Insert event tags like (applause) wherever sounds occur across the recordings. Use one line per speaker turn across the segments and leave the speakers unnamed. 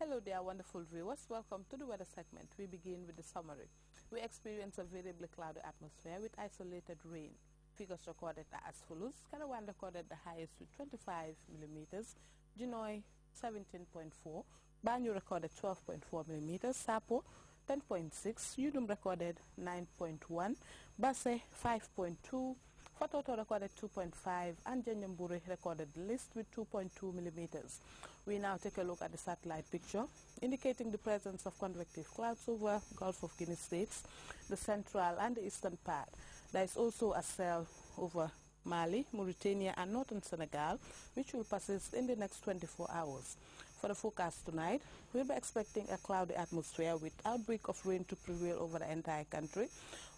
Hello there, wonderful viewers. Welcome to the weather segment. We begin with the summary. We experience a variably cloudy atmosphere with isolated rain. Figures recorded are as follows. Karawan recorded the highest with 25 millimeters. Genoy 17.4. Banyu recorded 12.4 millimeters. Sapo 10.6. Udum recorded 9.1. Basse 5.2. Fatoto recorded 2.5 and Janjamburi recorded least with 2.2 millimeters. We now take a look at the satellite picture indicating the presence of convective clouds over Gulf of Guinea states, the central and the eastern part. There is also a cell over Mali, Mauritania and northern Senegal, which will persist in the next 24 hours. For the forecast tonight, we'll be expecting a cloudy atmosphere with outbreak of rain to prevail over the entire country.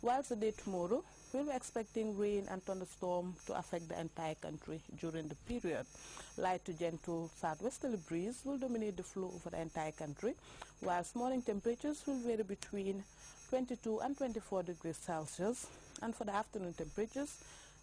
Whilst the day tomorrow, we'll be expecting rain and thunderstorm to affect the entire country during the period. Light to gentle southwesterly breeze will dominate the flow over the entire country, whilst morning temperatures will vary between 22 and 24 degrees Celsius. And for the afternoon temperatures,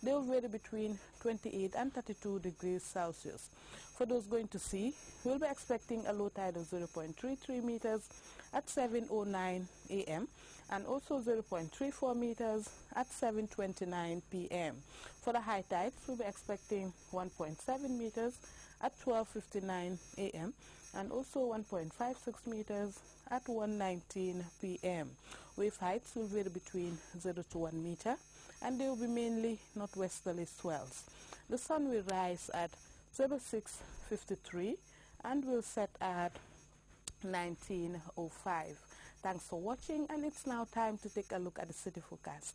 They'll vary between 28 and 32 degrees Celsius. For those going to sea, we'll be expecting a low tide of 0.33 meters at 7.09 a.m. and also 0.34 meters at 7.29 p.m. For the high tides, we'll be expecting 1.7 meters at 12.59 a.m. and also 1.56 meters at 1.19 p.m. Wave heights will vary between 0 to 1 meter and they will be mainly northwesterly swells. The sun will rise at 0653 and will set at 1905. Thanks for watching and it's now time to take a look at the city forecast.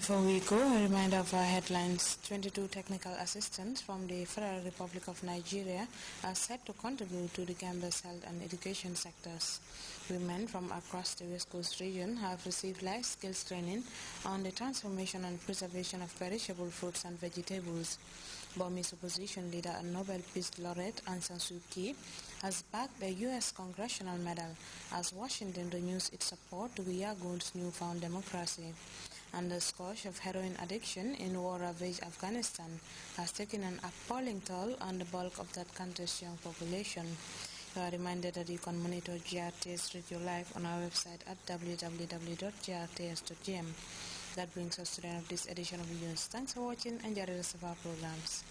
Before we go, a reminder of our headlines. 22 technical assistants from the Federal Republic of Nigeria are set to contribute to the Gambia's health and education sectors. Women from across the West Coast region have received life skills training on the transformation and preservation of perishable fruits and vegetables. Burmese opposition leader and Nobel Peace laureate Aung San Suu Kyi has backed the U.S. Congressional Medal as Washington renews its support to Wiyagun's newfound democracy and the scourge of heroin addiction in war-ravaged Afghanistan has taken an appalling toll on the bulk of that country's young population. You are reminded that you can monitor GRTS Radio Live on our website at www.grts.gm. That brings us to the end of this edition of news. Thanks for watching and enjoy the rest of our programs.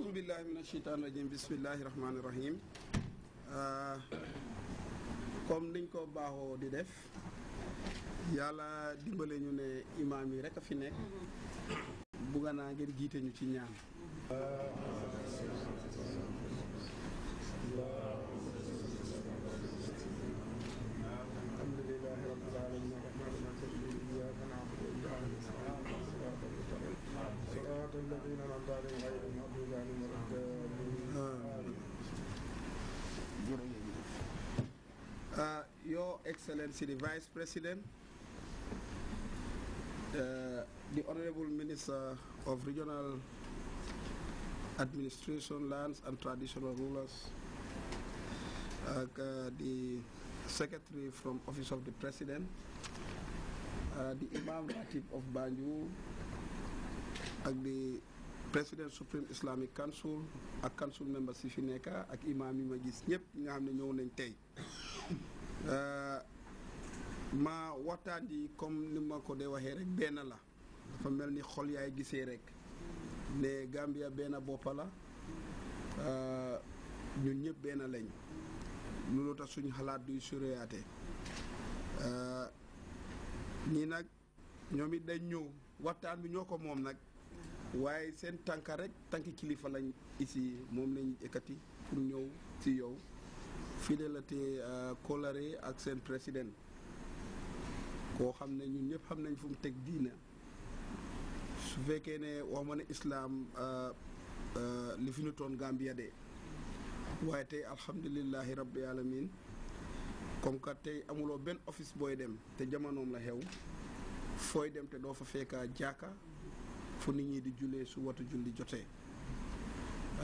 ahousubillahi min asheytaan rajim bismillahi rahmaani rahim ah, comme liñ ko baaxoo di def yàlla dimbale ñu ne imaam yi rek a fi nekk bugga naa ngir jiite ñu ci ñaan Excellency the Vice President, the Honorable Minister of Regional Administration, Lands and Traditional Rulers, uh, the Secretary from Office of the President, uh, the Imam Ratib of Banjul, ak di président supreme islamic council a council Member Sifineka, and Imam ak imaam (coughs) ma waxtaan yi comme ni ma ko dee waxee rek benn la dafa mel ni xol yaay gisee rek ne Gambia benn boppa la ñun ñëpp benn lañ loolu tax suñu xalaat duy suréyaate ñii nag ñoom it dañ ñëw waxtaan bi ñoo ko moom nag waaye seen tànka rek tànki kilifa lañ ici moom lañ ekkati pour ñëw ci yow fidélité kóllëre ak seen président boo xam ne ñun ñëpp xam nañ fu mu teg diina su fekkee ne wax ma ne islaam euh, euh, li fi ñu toon Gambia de waaye tey alhamdulilahi rabbi alamin comme que tey amuloo benn office booy dem te jamonoom la xew fooy dem te doo fa fekka jàkka fu nit ñi di jullee su watu julli jotee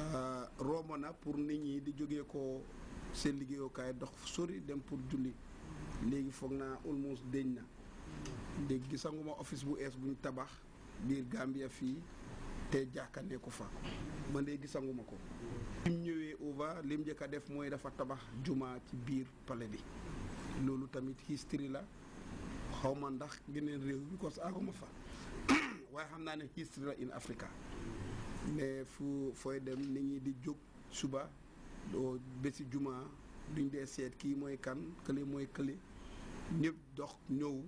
euh, romb na pour nit ñi di jógee ko seen liggéeyukaay dox sori dem pour julli léegi foog naa almost déñ na di gisanguma office bu ees buñ tabax biir Gambia fii te jàkka nekku fa man de gisanguma ko lim ñëwee over lim njëkk a def mooy dafa tabax juma ci biir palais bi loolu tamit history la xawma ndax geneen réew bi ko aguma fa (coughs) waaye xam naa ne history la in Africa mais fu fooy dem nit ñi di jóg suba doo bési juma duñ dee seet kii mooy kan kële mooy kële ñëpp dox ñëw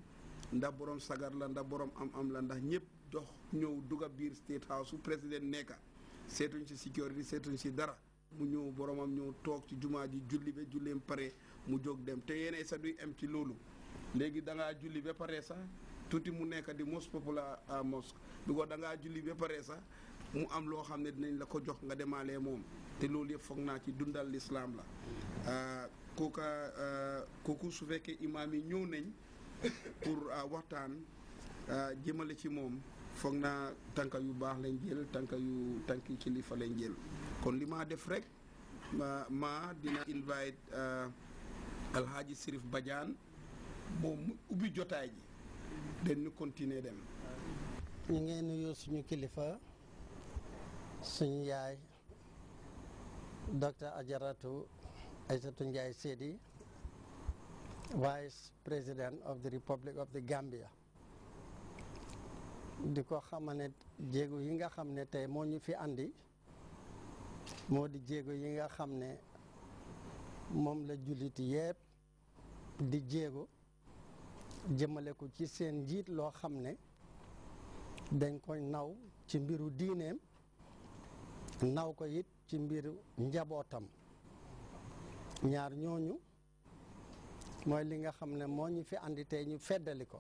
ndax borom sagar la ndax borom am-am la ndax ñëpp dox ñëw dugga biir state house su président nekka seetuñ si sécurité seetuñ si dara mu ñëw boromam ñëw toog ci jumaa ji julli ba julleem pare mu jóg dem te yenee sa duy am ci loolu léegi da ngaa julli ba pare sax tuuti mu nekk di most popular mosque bi ko da ngaa julli ba pare sax mu am loo xam ne dinañ la ko jox nga demaale moom te loolu yëpp foog naa ci dundal lislaam la euh, kooka euh, kooku su fekkee imaam yi ñëw nañ pour euh, waxtaan euh, jëmale ci moom foog naa tànka yu baax lañ jël tànka yu tànki fa lañ jël kon li maa def rek ma dina invite euh, alhaji Sirif badian moom ubbi jotaay ji ñu continuer dem
ñu ngi nuyu suñu kilifa suñu yaay docteur Ajaratu Aysatu Njaay sedi. vice president of the Republic of the Gambia di ko xamal ne jéego yi nga xam ne tey moo ñu fi andi moo di jéego yi nga xam ne moom la jullit yépp di jéego jëmale ko ci seen njiit loo xam ne dañ ko naw ci mbiru diineem naw ko yit ci mbiru njabootam ñaar ñooñu mooy li nga xam ne moo ñu fi andi tey ñu feddali ko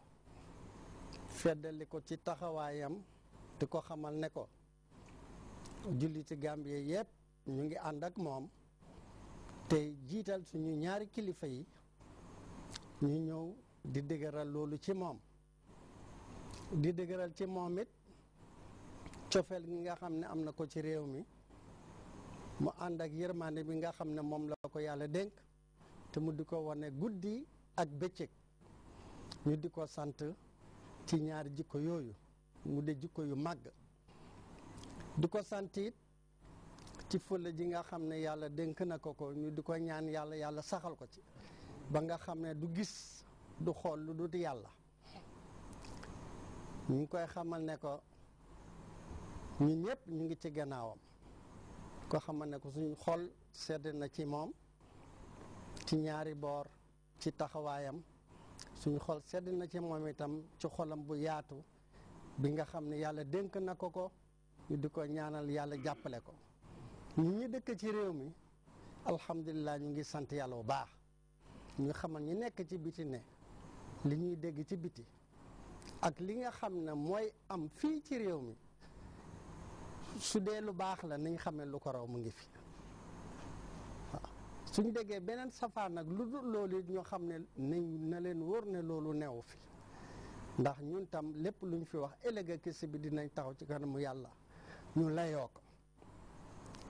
feddali ko ci taxawaayam di ko xamal ne ko julli ci Gambie yépp ñu ngi ànd ak moom tey jiital suñu ñaari kilifa yi ñu ñëw di dëgëral loolu ci moom di dëgëral ci moom it cofeel gi nga xam ne am na ko ci réew mi mu ànd ak yërmande bi nga xam ne moom la ko yàlla dénk te mu di ko wane guddi ak bëccëg ñu di ko sant ci ñaar jikko yooyu mu de jikko yu màgg di ko sant ci fulla ji nga xam ne yàlla dénk na ko ko ñu di ko ñaan yàlla yàlla saxal ko ci ba nga xam ne du gis du xool lu dut yàlla ñu ngi koy xamal ne ko ñi ñépp ñu ngi ci gannaawam ko xamal ne ko suñu xol sedd na ci moom ci ñaari boor ci taxawaayam suñu xol sedd na ci moom itam ci xolam bu yaatu bi nga xam ne yàlla dénk na ko ko ñu di ko ñaanal yàlla jàppale ko ñu ñi dëkk ci réew mi alhamdulilah ñu ngi sant yàlla bu baax ñu xamal ñu nekk ci biti ne li ñuy dégg ci biti ak li nga xam ne mooy am fii ci réew mi su dee lu baax la nañ xam ne lu ko raw mu ngi fi suñ déggee beneen safaan nag lu du loolu ñoo xam ne nañ na leen wóor ne loolu neew fi ndax ñun tam lépp lu ñu fi wax ëllëg ak kese bi dinañ taxaw ci kanamu yàlla ñu layoo ko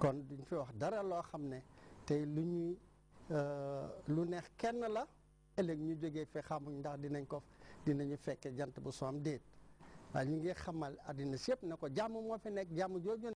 kon duñ fi wax dara loo xam ne tey lu ñuy euh, lu neex kenn la ëllëg ñu jógee fi xamuñ ndax dinañ ko dinañu fekkee jant bu soom déet waaye ñu ngi xamal àddina si yëpp ne ko jàmm moo fi nekk jàmm jooju